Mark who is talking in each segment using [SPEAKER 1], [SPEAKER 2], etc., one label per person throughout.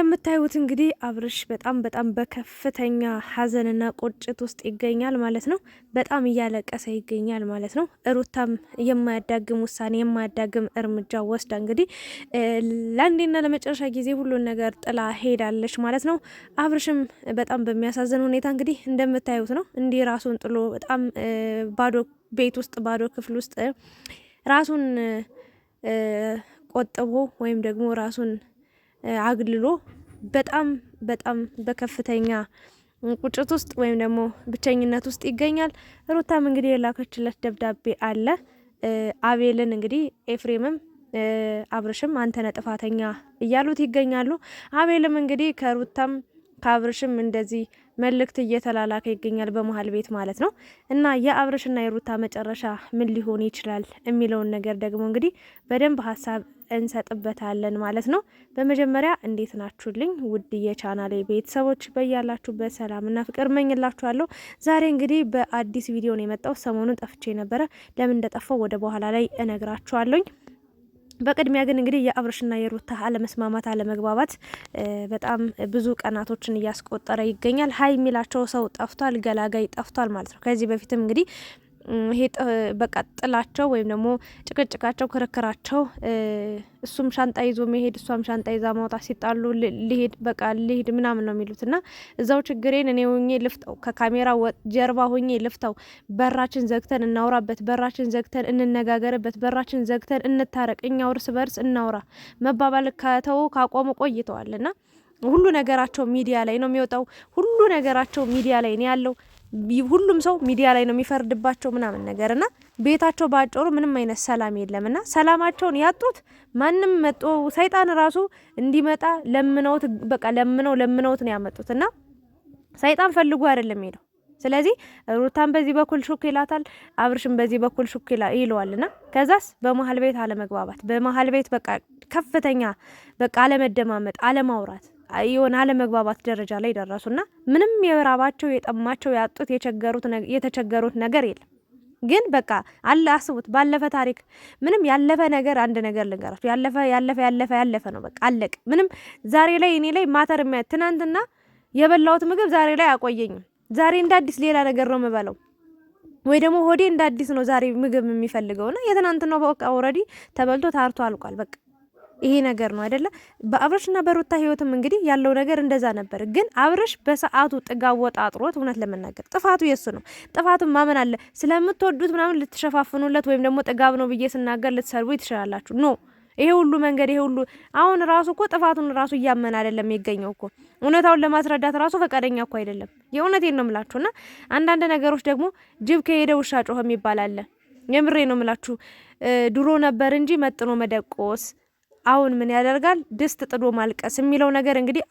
[SPEAKER 1] እንደምታዩት እንግዲህ አብርሽ በጣም በጣም በከፍተኛ ሀዘንና ቁጭት ውስጥ ይገኛል ማለት ነው። በጣም እያለቀሰ ይገኛል ማለት ነው። ሩታም የማያዳግም ውሳኔ የማያዳግም እርምጃ ወስዳ እንግዲህ ለአንዴና ለመጨረሻ ጊዜ ሁሉን ነገር ጥላ ሄዳለች ማለት ነው። አብርሽም በጣም በሚያሳዝን ሁኔታ እንግዲህ እንደምታዩት ነው። እንዲህ ራሱን ጥሎ በጣም ባዶ ቤት ውስጥ ባዶ ክፍል ውስጥ ራሱን ቆጥቦ ወይም ደግሞ ራሱን አግልሎ በጣም በጣም በከፍተኛ ቁጭት ውስጥ ወይም ደግሞ ብቸኝነት ውስጥ ይገኛል። ሩታም እንግዲህ የላከችለት ደብዳቤ አለ። አቤልን እንግዲህ ኤፍሬምም አብርሽም አንተነ ጥፋተኛ እያሉት ይገኛሉ። አቤልም እንግዲህ ከሩታም ከአብርሽም እንደዚህ መልእክት እየተላላከ ይገኛል፣ በመሀል ቤት ማለት ነው። እና የአብርሽና የሩታ መጨረሻ ምን ሊሆን ይችላል የሚለውን ነገር ደግሞ እንግዲህ በደንብ ሀሳብ እንሰጥበታለን ማለት ነው። በመጀመሪያ እንዴት ናችሁልኝ ውድ የቻናሌ ቤተሰቦች፣ በያላችሁበት ሰላምና ፍቅር መኝላችኋለሁ። ዛሬ እንግዲህ በአዲስ ቪዲዮ ነው የመጣው። ሰሞኑን ጠፍቼ ነበረ። ለምን እንደጠፋው ወደ በኋላ ላይ እነግራችኋለሁኝ። በቅድሚያ ግን እንግዲህ የአብርሽና የሩታ አለመስማማት አለመግባባት በጣም ብዙ ቀናቶችን እያስቆጠረ ይገኛል። ሀይ የሚላቸው ሰው ጠፍቷል፣ ገላጋይ ጠፍቷል ማለት ነው። ከዚህ በፊትም እንግዲህ ይሄ በቃ ጥላቸው ወይም ደግሞ ጭቅጭቃቸው፣ ክርክራቸው እሱም ሻንጣ ይዞ መሄድ እሷም ሻንጣ ይዛ ማውጣት ሲጣሉ ልሄድ በቃ ልሄድ ምናምን ነው የሚሉት እና እዛው ችግሬን እኔ ሆኜ ልፍታው፣ ከካሜራ ጀርባ ሆኜ ልፍታው፣ በራችን ዘግተን እናውራበት፣ በራችን ዘግተን እንነጋገርበት፣ በራችን ዘግተን እንታረቅ፣ እኛው እርስ በርስ እናውራ መባባል ከተው ካቆሙ ቆይተዋል እና ሁሉ ነገራቸው ሚዲያ ላይ ነው የሚወጣው። ሁሉ ነገራቸው ሚዲያ ላይ ነው ያለው። ሁሉም ሰው ሚዲያ ላይ ነው የሚፈርድባቸው ምናምን ነገር እና ቤታቸው ባጭሩ ምንም አይነት ሰላም የለም እና ሰላማቸውን ያጡት ማንም መጦ ሰይጣን ራሱ እንዲመጣ ለምነውት በቃ ለምነው ለምነውት ነው ያመጡት እና ሰይጣን ፈልጎ አይደለም ሄደው ስለዚህ ሩታን በዚህ በኩል ሹክ ይላታል፣ አብርሽም በዚህ በኩል ሹክ ይለዋል። እና ከዛስ በመሀል ቤት አለመግባባት፣ በመሀል ቤት በቃ ከፍተኛ በቃ አለመደማመጥ፣ አለማውራት የሆነ አለመግባባት ደረጃ ላይ ደረሱና ምንም የራባቸው የጠማቸው ያጡት የተቸገሩት ነገር የለም። ግን በቃ አለ አስቡት። ባለፈ ታሪክ ምንም ያለፈ ነገር አንድ ነገር ልንገራችሁ። ያለፈ ያለፈ ያለፈ ያለፈ ነው። በቃ አለቅ። ምንም ዛሬ ላይ እኔ ላይ ማተር የሚያ ትናንትና የበላሁት ምግብ ዛሬ ላይ አቆየኝም። ዛሬ እንደ አዲስ ሌላ ነገር ነው የምበለው ወይ ደግሞ ሆዴ እንደ አዲስ ነው ዛሬ ምግብ የሚፈልገውና የትናንትናው በቃ ኦልሬዲ ተበልቶ ታርቶ አልቋል። በቃ ይሄ ነገር ነው አይደለ? በአብረሽና በሩታ ህይወትም እንግዲህ ያለው ነገር እንደዛ ነበር። ግን አብረሽ በሰዓቱ ጥጋብ ወጣ አጥሮት፣ እውነት ለመናገር ጥፋቱ የሱ ነው። ጥፋቱን ማመን አለ። ስለምትወዱት ምናምን ልትሸፋፍኑለት ወይም ደግሞ ጥጋብ ነው ብዬ ስናገር ልትሰርቡ ትችላላችሁ። ኖ ይሄ ሁሉ መንገድ ይሄ ሁሉ አሁን ራሱ እኮ ጥፋቱን ራሱ እያመን አይደለም የሚገኘው እኮ እውነታውን ለማስረዳት ራሱ ፈቃደኛ እኮ አይደለም። የእውነቴን ነው የምላችሁና አንዳንድ ነገሮች ደግሞ ጅብ ከሄደ ውሻ ጮኸ ይባላል። የምሬ ነው የምላችሁ። ድሮ ነበር እንጂ መጥኖ መደቆስ አሁን ምን ያደርጋል ድስት ጥዶ ማልቀስ የሚለው ነገር እንግዲህ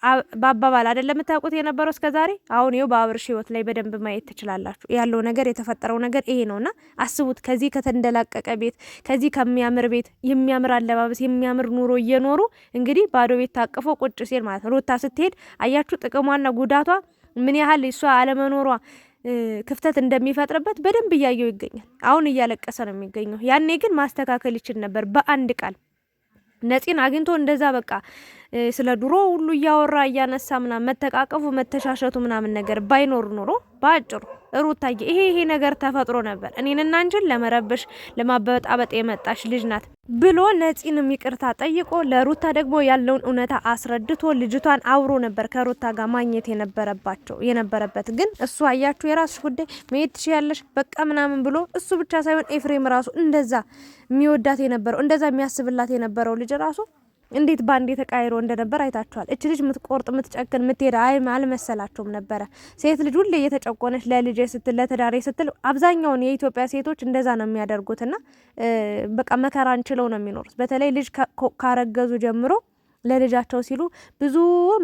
[SPEAKER 1] በአባባል አይደለም የምታውቁት የነበረው ዛሬ። አሁን ይኸው በአብርሽ ህይወት ላይ በደንብ ማየት ትችላላችሁ። ያለው ነገር የተፈጠረው ነገር ይሄ ነውና አስቡት። ከዚህ ከተንደላቀቀ ቤት፣ ከዚህ ከሚያምር ቤት፣ የሚያምር አለባበስ፣ የሚያምር ኑሮ እየኖሩ እንግዲህ ባዶ ቤት ታቅፎ ቁጭ ሲል ማለት ነው። ሩታ ስትሄድ አያችሁ ጥቅሟና ጉዳቷ ምን ያህል እሷ አለመኖሯ ክፍተት እንደሚፈጥርበት በደንብ እያየው ይገኛል። አሁን እያለቀሰ ነው የሚገኘው። ያኔ ግን ማስተካከል ይችል ነበር በአንድ ቃል ነፂን አግኝቶ እንደዛ በቃ ስለ ድሮ ሁሉ እያወራ እያነሳ ምናምን መተቃቀፉ መተሻሸቱ ምናምን ነገር ባይኖር ኖሮ በአጭሩ ሩታዬ ይሄ ይሄ ነገር ተፈጥሮ ነበር እኔን እና አንቺን ለመረበሽ ለማበጣበጥ የመጣሽ ልጅ ናት ብሎ ነፂንም ይቅርታ ጠይቆ ለሩታ ደግሞ ያለውን እውነታ አስረድቶ ልጅቷን አውሮ ነበር ከሩታ ጋር ማግኘት የነበረባቸው የነበረበት ግን እሱ አያችሁ የራስሽ ጉዳይ መሄድ ትችያለሽ በቃ ምናምን ብሎ እሱ ብቻ ሳይሆን ኤፍሬም ራሱ እንደዛ የሚወዳት የነበረው እንደዛ የሚያስብላት የነበረው ልጅ ራሱ እንዴት ባንዴ ተቃይሮ እንደነበር አይታችኋል። እች ልጅ ምትቆርጥ ምትጨክን ምትሄድ አይ አልመሰላቸውም ነበረ። ሴት ልጅ ሁሌ እየተጨቆነች ለልጅ ስትል ለትዳሬ ስትል አብዛኛውን የኢትዮጵያ ሴቶች እንደዛ ነው የሚያደርጉትና በቃ መከራን ችለው ነው የሚኖሩት። በተለይ ልጅ ካረገዙ ጀምሮ ለልጃቸው ሲሉ ብዙ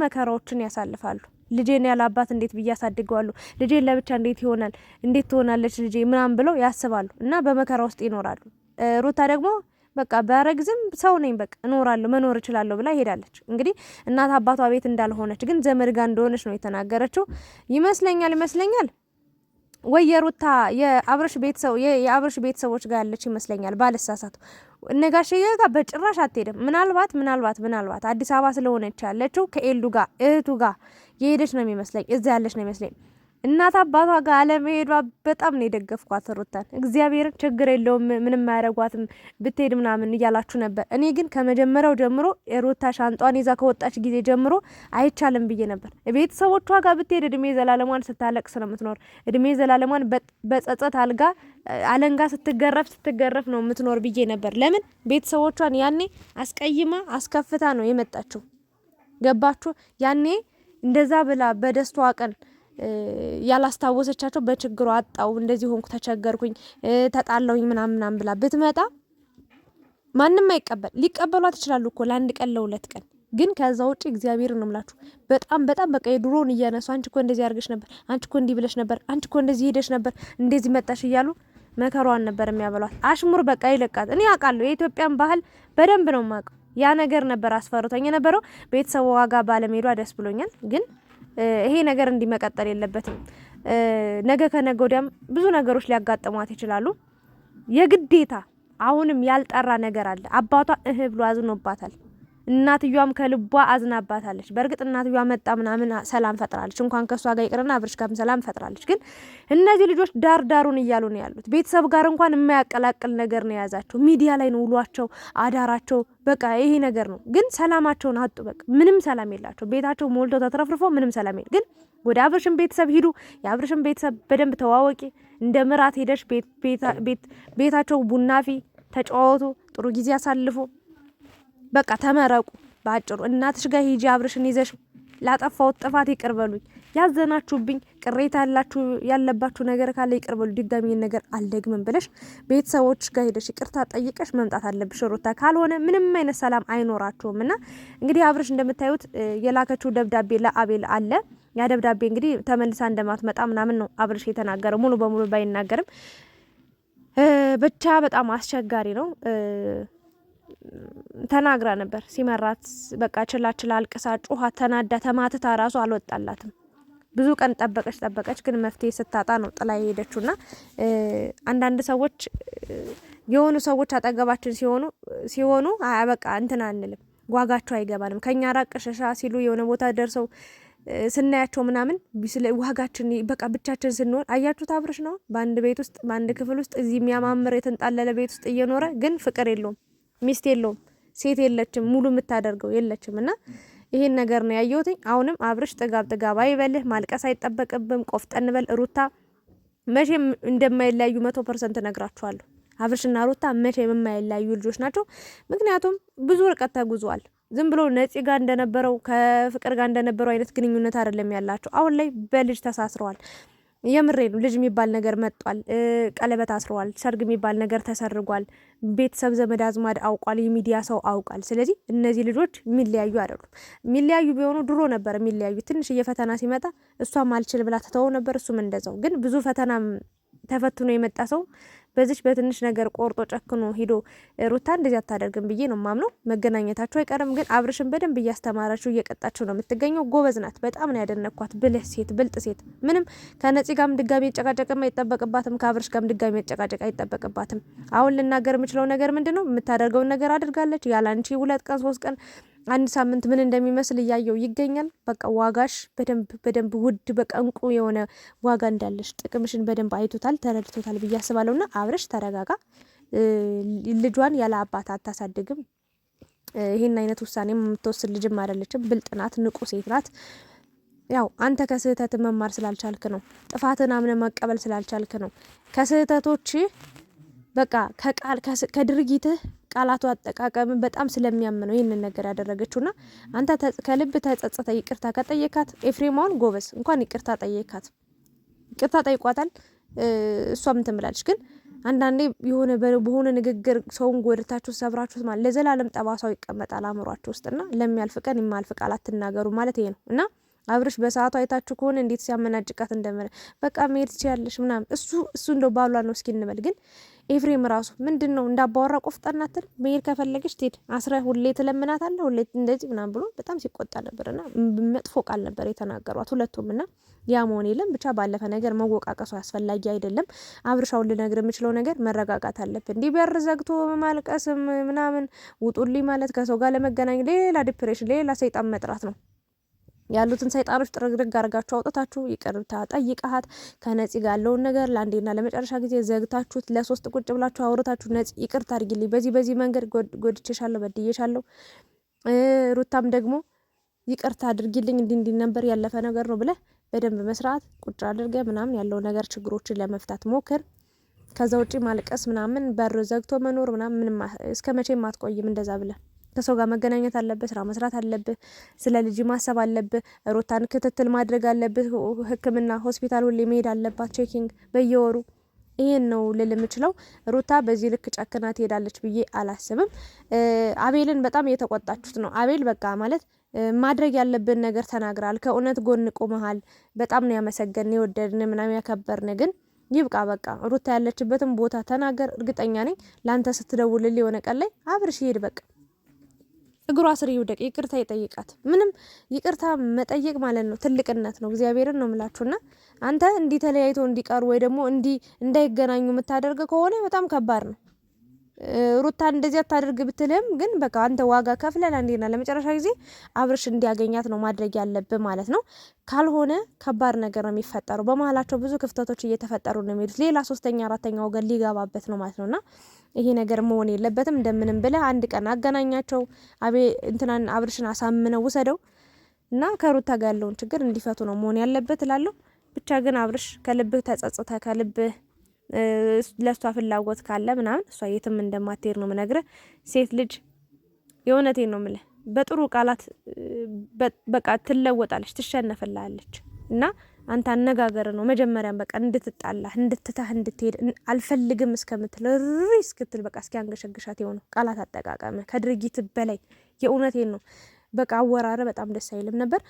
[SPEAKER 1] መከራዎችን ያሳልፋሉ። ልጄን ያለ አባት እንዴት ብዬ አሳድገዋለሁ? ልጄን ለብቻ እንዴት ይሆናል? እንዴት ትሆናለች ልጄ ምናምን ብለው ያስባሉ እና በመከራ ውስጥ ይኖራሉ። ሩታ ደግሞ በቃ በረግዝም ሰው ነኝ በቃ እኖራለሁ መኖር እችላለሁ ብላ ሄዳለች። እንግዲህ እናት አባቷ ቤት እንዳልሆነች ግን ዘመድ ጋር እንደሆነች ነው የተናገረችው። ይመስለኛል ይመስለኛል ወይ የሩታ የአብረሽ ቤተሰብ የአብረሽ ቤተሰቦች ጋር ያለች ይመስለኛል ባለሳሳቱ ነጋሽ ጋ በጭራሽ አትሄድም። ምናልባት ምናልባት ምናልባት አዲስ አበባ ስለሆነች ያለችው ከኤልዱ ጋር እህቱ ጋር የሄደች ነው የሚመስለኝ እዛ ያለች ነው የሚመስለኝ እናት አባቷ ጋር አለመሄዷ በጣም ነው የደገፍኳት ሩታን። እግዚአብሔርን ችግር የለውም ምንም አያደርጓትም ብትሄድ ምናምን እያላችሁ ነበር። እኔ ግን ከመጀመሪያው ጀምሮ ሩታ ሻንጧን ይዛ ከወጣች ጊዜ ጀምሮ አይቻልም ብዬ ነበር። ቤተሰቦቿ ጋር ብትሄድ እድሜ ዘላለሟን ስታለቅ ስለምትኖር እድሜ ዘላለሟን በጸጸት አልጋ አለንጋ ስትገረፍ ስትገረፍ ነው የምትኖር ብዬ ነበር። ለምን ቤተሰቦቿን ያኔ አስቀይማ አስከፍታ ነው የመጣችው። ገባችሁ? ያኔ እንደዛ ብላ በደስቷ ቀን ያላስታወሰቻቸው በችግሩ አጣው እንደዚህ ሆንኩ ተቸገርኩኝ ተጣላውኝ ምናምን ምናምን ብላ ብትመጣ ማንም አይቀበል። ሊቀበሏት ይችላሉ እኮ ለአንድ ቀን ለሁለት ቀን ግን ከዛ ውጭ እግዚአብሔር ነው ምላችሁ። በጣም በጣም በቃ የድሮውን እያነሱ አንቺ እኮ እንደዚህ አድርገሽ ነበር፣ አንቺ እኮ እንዲህ ብለሽ ነበር፣ አንቺ እኮ እንደዚህ ሄደሽ ነበር፣ እንደዚህ መጣሽ እያሉ መከሯን ነበር የሚያበሏት። አሽሙር በቃ ይለቃት። እኔ አውቃለሁ፣ የኢትዮጵያን ባህል በደንብ ነው የማውቀው። ያ ነገር ነበር አስፈርቶኝ የነበረው። ቤተሰቡ ዋጋ ባለመሄዷ ደስ ብሎኛል ግን ይሄ ነገር እንዲመቀጠል የለበትም። ነገ ከነገ ወዲያም ብዙ ነገሮች ሊያጋጥሟት ይችላሉ። የግዴታ አሁንም ያልጠራ ነገር አለ። አባቷ እህ ብሎ አዝኖባታል። እናትየዋም ከልቧ አዝናባታለች። በእርግጥ እናትየዋ መጣ ምናምን ሰላም ፈጥራለች፣ እንኳን ከእሷ ጋር ይቅርና አብርሽ ጋርም ሰላም ፈጥራለች። ግን እነዚህ ልጆች ዳር ዳሩን እያሉ ነው ያሉት። ቤተሰብ ጋር እንኳን የማያቀላቅል ነገር ነው የያዛቸው። ሚዲያ ላይ ነው ውሏቸው አዳራቸው። በቃ ይሄ ነገር ነው። ግን ሰላማቸውን አጡ። በቃ ምንም ሰላም የላቸው። ቤታቸው ሞልቶ ተትረፍርፎ ምንም ሰላም የለ። ግን ወደ አብርሽን ቤተሰብ ሂዱ፣ የአብርሽን ቤተሰብ በደንብ ተዋወቂ። እንደ ምራት ሄደሽ ቤታቸው ቡናፊ ተጫወቱ፣ ጥሩ ጊዜ አሳልፉ። በቃ ተመረቁ። በአጭሩ እናትሽ ጋር ሂጂ፣ አብርሽን ይዘሽ ላጠፋሁት ጥፋት ይቅር ያዘናችሁብኝ፣ ቅሬታ ያላችሁ ያለባችሁ ነገር ካለ ይቅር በሉ፣ ድጋሚ ነገር አልደግምም ብለሽ ቤተሰቦች ጋር ሄደሽ ይቅርታ ጠይቀሽ መምጣት አለብሽ ሩታ። ካልሆነ ምንም አይነት ሰላም አይኖራችሁም። እና እንግዲህ አብርሽ እንደምታዩት የላከችው ደብዳቤ ለአቤል አለ ያ ደብዳቤ እንግዲህ ተመልሳ እንደማትመጣ ምናምን ነው አብርሽ የተናገረው። ሙሉ በሙሉ ባይናገርም ብቻ በጣም አስቸጋሪ ነው። ተናግራ ነበር። ሲመራት በቃ ችላ ችላ አልቅሳ ጩኋ ተናዳ ተማትታ ራሱ አልወጣላትም። ብዙ ቀን ጠበቀች ጠበቀች፣ ግን መፍትሄ ስታጣ ነው ጥላ የሄደችውና አንዳንድ ሰዎች የሆኑ ሰዎች አጠገባችን ሲሆኑ ሲሆኑ በቃ እንትን አንልም፣ ዋጋቸው አይገባንም። ከኛ ራቅ ሸሻ ሲሉ የሆነ ቦታ ደርሰው ስናያቸው ምናምን ዋጋችን በቃ ብቻችን ስንሆን አያችሁት። አብርሽ ነው በአንድ ቤት ውስጥ በአንድ ክፍል ውስጥ እዚህ የሚያማምር የተንጣለለ ቤት ውስጥ እየኖረ ግን ፍቅር የለውም። ሚስት የለውም፣ ሴት የለችም፣ ሙሉ የምታደርገው የለችም። እና ይሄን ነገር ነው ያየሁትኝ። አሁንም አብርሽ ጥጋብ ጥጋብ አይበልህ፣ ማልቀስ አይጠበቅብም። ቆፍጠን በል ሩታ መቼም እንደማይለያዩ መቶ ፐርሰንት እነግራችኋለሁ። አብርሽና ሩታ መቼም የማይለያዩ ልጆች ናቸው። ምክንያቱም ብዙ ርቀት ተጉዟል። ዝም ብሎ ነፂ ጋር እንደነበረው ከፍቅር ጋር እንደነበረው አይነት ግንኙነት አይደለም ያላቸው። አሁን ላይ በልጅ ተሳስረዋል። የምሬ ነው። ልጅ የሚባል ነገር መጧል። ቀለበት አስረዋል። ሰርግ የሚባል ነገር ተሰርጓል። ቤተሰብ ዘመድ አዝማድ አውቋል። የሚዲያ ሰው አውቋል። ስለዚህ እነዚህ ልጆች የሚለያዩ አይደሉም። የሚለያዩ ቢሆኑ ድሮ ነበር የሚለያዩ። ትንሽዬ ፈተና ሲመጣ እሷም አልችል ብላ ትተው ነበር፣ እሱም እንደዛው። ግን ብዙ ፈተና ተፈትኖ የመጣ ሰው በዚች በትንሽ ነገር ቆርጦ ጨክኖ ሂዶ ሩታ እንደዚህ አታደርግም ብዬ ነው ማምነው። መገናኘታቸው አይቀርም ግን አብርሽን በደንብ እያስተማራችሁ እየቀጣችሁ ነው የምትገኘው። ጎበዝ ናት። በጣም ነው ያደነኳት። ብልህ ሴት፣ ብልጥ ሴት። ምንም ከነፂ ጋርም ድጋሚ የጨቃጨቅ አይጠበቅባትም። ከአብርሽ ጋርም ድጋሚ የጨቃጨቅ አይጠበቅባትም። አሁን ልናገር የምችለው ነገር ምንድን ነው? የምታደርገውን ነገር አድርጋለች። ያለ ሁለት ቀን ሶስት ቀን አንድ ሳምንት ምን እንደሚመስል እያየው ይገኛል። በቃ ዋጋሽ በደንብ በደንብ ውድ በቀንቁ የሆነ ዋጋ እንዳለሽ ጥቅምሽን በደንብ አይቶታል፣ ተረድቶታል ብዬ አስባለሁ። እና አብረሽ ተረጋጋ። ልጇን ያለ አባት አታሳድግም። ይህን አይነት ውሳኔ የምትወስድ ልጅም አይደለችም። ብልጥ ናት፣ ንቁ ሴት ናት። ያው አንተ ከስህተት መማር ስላልቻልክ ነው። ጥፋትን አምነ መቀበል ስላልቻልክ ነው። ከስህተቶች በቃ ከቃል ከድርጊትህ ቃላቱ አጠቃቀምን በጣም ስለሚያምነው ይህንን ነገር ያደረገችውና አንተ ከልብ ተጸጸተ ይቅርታ ከጠየካት ኤፍሬማውን ጎበዝ እንኳን ይቅርታ ጠየካት፣ ይቅርታ ጠይቋታል። እሷም ትምላለች። ግን አንዳንዴ የሆነ በሆነ ንግግር ሰውን ጎድታችሁ ሰብራችሁት ማለት ለዘላለም ጠባሳው ይቀመጣል አእምሯችሁ ውስጥና ለሚያልፍ ቀን የማልፍ ቃል አትናገሩ ማለት ይሄ ነው እና አብርሽ በሰዓቱ አይታችሁ ከሆነ እንዴት ሲያመናጭቃት እንደመረ በቃ መሄድ ትችያለሽ ምናምን እሱ እሱ እንደው ባሏ ነው እስኪ እንበል። ግን ኤፍሬም ራሱ ምንድን ነው እንዳባወራ ቆፍጠናትን መሄድ ከፈለገች ትሄድ አስረ ሁሌ አለ ሁሌ እንደዚህ ምናምን ብሎ በጣም ሲቆጣ ነበርና እና መጥፎ ቃል ነበር የተናገሯት ሁለቱም። ና ያ መሆን የለም ብቻ ባለፈ ነገር መወቃቀሱ አስፈላጊ አይደለም። አብርሻውን ልነግር የምችለው ነገር መረጋጋት አለብን። እንዲህ በር ዘግቶ ማልቀስ ምናምን ውጡልኝ ማለት ከሰው ጋር ለመገናኘት ሌላ ዲፕሬሽን ሌላ ሰይጣን መጥራት ነው። ያሉትን ሰይጣኖች ጥርግርግ አርጋችሁ አውጥታችሁ ይቅርታ ጠይቃሃት ከነፂ ጋር ያለውን ነገር ለአንዴና ለመጨረሻ ጊዜ ዘግታችሁት ለሶስት ቁጭ ብላችሁ አውርታችሁ ነፂ ይቅርታ አድርጊልኝ፣ በዚህ በዚህ መንገድ ጎድቼሻለሁ፣ በድዬሻለሁ፣ ሩታም ደግሞ ይቅርታ አድርጊልኝ፣ እንዲህ እንዲህ ነበር ያለፈ ነገር ነው ብለህ በደንብ መስራት ቁጭ አድርገ ምናምን ያለው ነገር ችግሮችን ለመፍታት ሞክር። ከዛ ውጪ ማልቀስ ምናምን በር ዘግቶ መኖር ምናምን እስከ መቼም አትቆይም እንደዛ ብለን ከሰው ጋር መገናኘት አለብህ፣ ስራ መስራት አለብህ፣ ስለ ልጅ ማሰብ አለብህ፣ ሮታን ክትትል ማድረግ አለብህ፣ ሕክምና ሆስፒታል ሁሌ መሄድ አለባት፣ ቼኪንግ በየወሩ። ይህን ነው ልል የምችለው። ሩታ በዚህ ልክ ጨክና ትሄዳለች ብዬ አላስብም። አቤልን በጣም እየተቆጣችሁት ነው። አቤል በቃ ማለት ማድረግ ያለብን ነገር ተናግራል። ከእውነት ጎን ቆመሃል። በጣም ነው ያመሰገን የወደድን ምናምን ያከበርን ግን ይብቃ በቃ ሩታ ያለችበትን ቦታ ተናገር። እርግጠኛ ነኝ ለአንተ ስትደውልል የሆነ ቀን ላይ አብርሽ ይሄድ በቃ እግሯ ስር ይውደቅ፣ ይቅርታ ይጠይቃት። ምንም ይቅርታ መጠየቅ ማለት ነው ትልቅነት ነው። እግዚአብሔርን ነው ምላችሁና አንተ እንዲህ ተለያይቶ እንዲቀሩ ወይ ደግሞ እንዲህ እንዳይገናኙ የምታደርግ ከሆነ በጣም ከባድ ነው። ሩታ እንደዚህ አታደርግ ብትልም ግን በቃ አንተ ዋጋ ከፍለን አንዴና ለመጨረሻ ጊዜ አብርሽ እንዲያገኛት ነው ማድረግ ያለብህ ማለት ነው። ካልሆነ ከባድ ነገር ነው የሚፈጠረው። በመሀላቸው ብዙ ክፍተቶች እየተፈጠሩ ነው የሚሄዱት። ሌላ ሶስተኛ አራተኛ ወገን ሊገባበት ነው ማለት ነውና ይሄ ነገር መሆን የለበትም እንደምንም ብለ አንድ ቀን አገናኛቸው፣ አቤ እንትናን አብርሽን አሳምነው ውሰደው እና ከሩታ ጋር ያለውን ችግር እንዲፈቱ ነው መሆን ያለበት እላለሁ። ብቻ ግን አብርሽ ከልብህ ተጸጽተ ከልብህ ለእሷ ፍላጎት ካለ ምናምን እሷ የትም እንደማትሄድ ነው ምነግርህ። ሴት ልጅ የእውነቴን ነው ምልህ በጥሩ ቃላት በቃ ትለወጣለች፣ ትሸነፍላለች እና አንተ አነጋገር ነው መጀመሪያም በቃ እንድትጣላ እንድትታህ እንድትሄድ አልፈልግም እስከምትል ሪ እስክትል በቃ እስኪ አንገሸግሻት የሆነው ቃላት አጠቃቀመ ከድርጊት በላይ የእውነቴን ነው። በቃ አወራረ በጣም ደስ አይልም ነበር።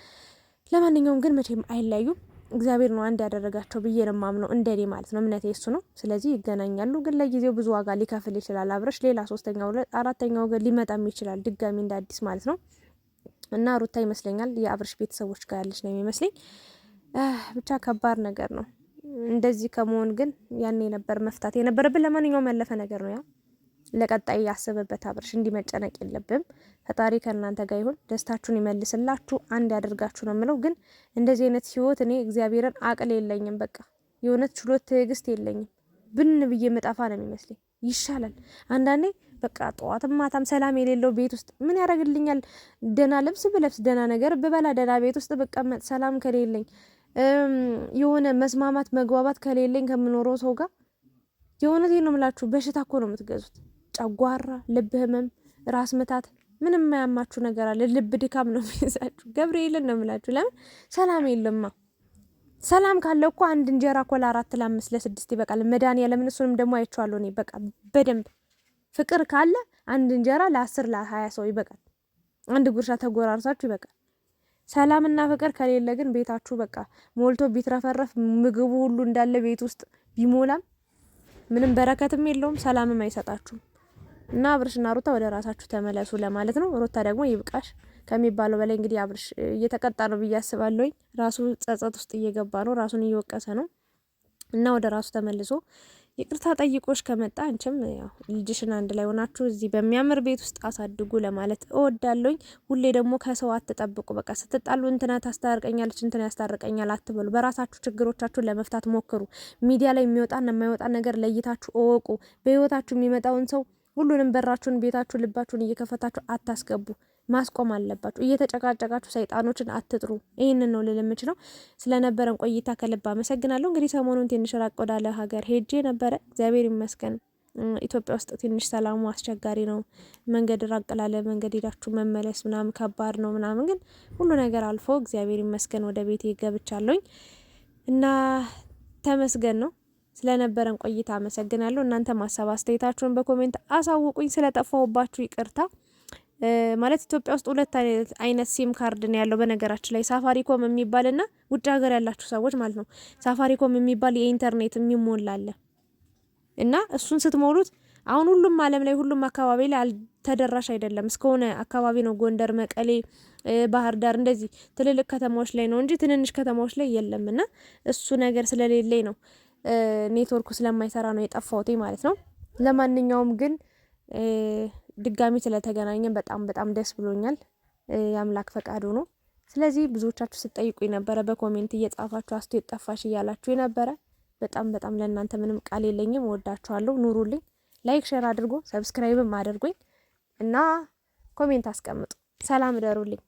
[SPEAKER 1] ለማንኛውም ግን መቼም አይለያዩም። እግዚአብሔር ነው አንድ ያደረጋቸው ብዬ ነው የማምነው፣ እንደኔ ማለት ነው። እምነቴ እሱ ነው። ስለዚህ ይገናኛሉ። ግን ለጊዜው ብዙ ዋጋ ሊከፍል ይችላል አብረሽ። ሌላ ሶስተኛ ሁለት፣ አራተኛ ወገን ሊመጣም ይችላል ድጋሚ እንደ አዲስ ማለት ነው። እና ሩታ ይመስለኛል የአብረሽ ቤተሰቦች ጋር ያለች ነው የሚመስለኝ ብቻ ከባድ ነገር ነው። እንደዚህ ከመሆን ግን ያኔ ነበር መፍታት የነበረብን። ለማንኛውም ያለፈ ነገር ነው። ያ ለቀጣይ ያሰበበት አብርሽ፣ እንዲመጨነቅ የለብም። ፈጣሪ ከእናንተ ጋር ይሁን፣ ደስታችሁን ይመልስላችሁ፣ አንድ ያደርጋችሁ ነው የምለው። ግን እንደዚህ አይነት ህይወት እኔ እግዚአብሔርን አቅል የለኝም። በቃ የእውነት ችሎት ትዕግስት የለኝም። ብን ብዬ መጣፋ ነው የሚመስለኝ። ይሻላል አንዳንዴ በቃ ጠዋትም ማታም ሰላም የሌለው ቤት ውስጥ ምን ያደርግልኛል? ደና ልብስ ብለብስ፣ ደና ነገር ብበላ፣ ደና ቤት ውስጥ በቀመጥ ሰላም ከሌለኝ የሆነ መስማማት መግባባት ከሌለኝ ከምኖረው ሰው ጋር የእውነቴን ነው የምላችሁ፣ በሽታ እኮ ነው የምትገዙት። ጨጓራ፣ ልብ ህመም፣ ራስ ምታት፣ ምንም የማያማችሁ ነገር አለ። ልብ ድካም ነው የሚይዛችሁ። ገብርኤልን ነው የምላችሁ። ለምን ሰላም የለማ። ሰላም ካለ እኮ አንድ እንጀራ እኮ ለአራት ለአምስት ለስድስት ይበቃል። መድኃኒዓለምን እሱንም ደግሞ አይቼዋለሁ እኔ በቃ በደንብ ፍቅር ካለ አንድ እንጀራ ለአስር ለሀያ ሰው ይበቃል። አንድ ጉርሻ ተጎራርሳችሁ ይበቃል። ሰላምና ፍቅር ከሌለ ግን ቤታችሁ በቃ ሞልቶ ቢትረፈረፍ ምግቡ ሁሉ እንዳለ ቤት ውስጥ ቢሞላም ምንም በረከትም የለውም፣ ሰላምም አይሰጣችሁም። እና አብርሽና ሩታ ወደ ራሳችሁ ተመለሱ ለማለት ነው። ሩታ ደግሞ ይብቃሽ ከሚባለው በላይ እንግዲህ አብርሽ እየተቀጣ ነው ብዬ አስባለሁኝ። ራሱ ጸጸት ውስጥ እየገባ ነው፣ ራሱን እየወቀሰ ነው እና ወደ ራሱ ተመልሶ ይቅርታ ጠይቆሽ ከመጣ አንቺም ያው ልጅሽን አንድ ላይ ሆናችሁ እዚህ በሚያምር ቤት ውስጥ አሳድጉ ለማለት እወዳለሁኝ። ሁሌ ደግሞ ከሰው አትጠብቁ። በቃ ስትጣሉ እንትና ታስታርቀኛለች፣ እንትና ያስታርቀኛል አትበሉ። በራሳችሁ ችግሮቻችሁን ለመፍታት ሞክሩ። ሚዲያ ላይ የሚወጣና የማይወጣ ነገር ለይታችሁ እወቁ። በህይወታችሁ የሚመጣውን ሰው ሁሉንም በራችሁን፣ ቤታችሁን፣ ልባችሁን እየከፈታችሁ አታስገቡ። ማስቆም አለባችሁ። እየተጨቃጨቃችሁ ሰይጣኖችን አትጥሩ። ይህንን ነው ልል የምችለው። ስለነበረን ቆይታ ከልብ አመሰግናለሁ። እንግዲህ ሰሞኑን ትንሽ ራቅ ወዳለ ሀገር ሄጄ ነበረ። እግዚአብሔር ይመስገን። ኢትዮጵያ ውስጥ ትንሽ ሰላሙ አስቸጋሪ ነው። መንገድ ራቅ ላለ መንገድ ሄዳችሁ መመለስ ምናምን ከባድ ነው ምናምን፣ ግን ሁሉ ነገር አልፎ እግዚአብሔር ይመስገን ወደ ቤቴ ገብቻለሁኝ እና ተመስገን ነው። ስለነበረን ቆይታ አመሰግናለሁ። እናንተ ማሰብ አስተያየታችሁን በኮሜንት አሳውቁኝ። ስለጠፋሁባችሁ ይቅርታ። ማለት ኢትዮጵያ ውስጥ ሁለት አይነት ሲም ካርድ ነው ያለው። በነገራችን ላይ ሳፋሪኮም የሚባልና ውጭ ሀገር ያላችሁ ሰዎች ማለት ነው። ሳፋሪኮም የሚባል የኢንተርኔት የሚሞላለ። እና እሱን ስትሞሉት አሁን ሁሉም ዓለም ላይ ሁሉም አካባቢ ላይ አልተደራሽ አይደለም። እስከሆነ አካባቢ ነው። ጎንደር፣ መቀሌ፣ ባህር ዳር እንደዚህ ትልልቅ ከተማዎች ላይ ነው እንጂ ትንንሽ ከተማዎች ላይ የለም። እና እሱ ነገር ስለሌለኝ ነው ኔትወርኩ ስለማይሰራ ነው የጠፋሁት ማለት ነው። ለማንኛውም ግን ድጋሚ ስለተገናኘን በጣም በጣም ደስ ብሎኛል። የአምላክ ፈቃዱ ነው። ስለዚህ ብዙዎቻችሁ ስጠይቁ የነበረ በኮሜንት እየጻፋችሁ አስቴት ጠፋሽ እያላችሁ የነበረ በጣም በጣም ለእናንተ ምንም ቃል የለኝም። ወዳችኋለሁ። ኑሩልኝ። ላይክ፣ ሼር አድርጎ ሰብስክራይብም አድርጉኝ እና ኮሜንት አስቀምጡ። ሰላም እደሩልኝ።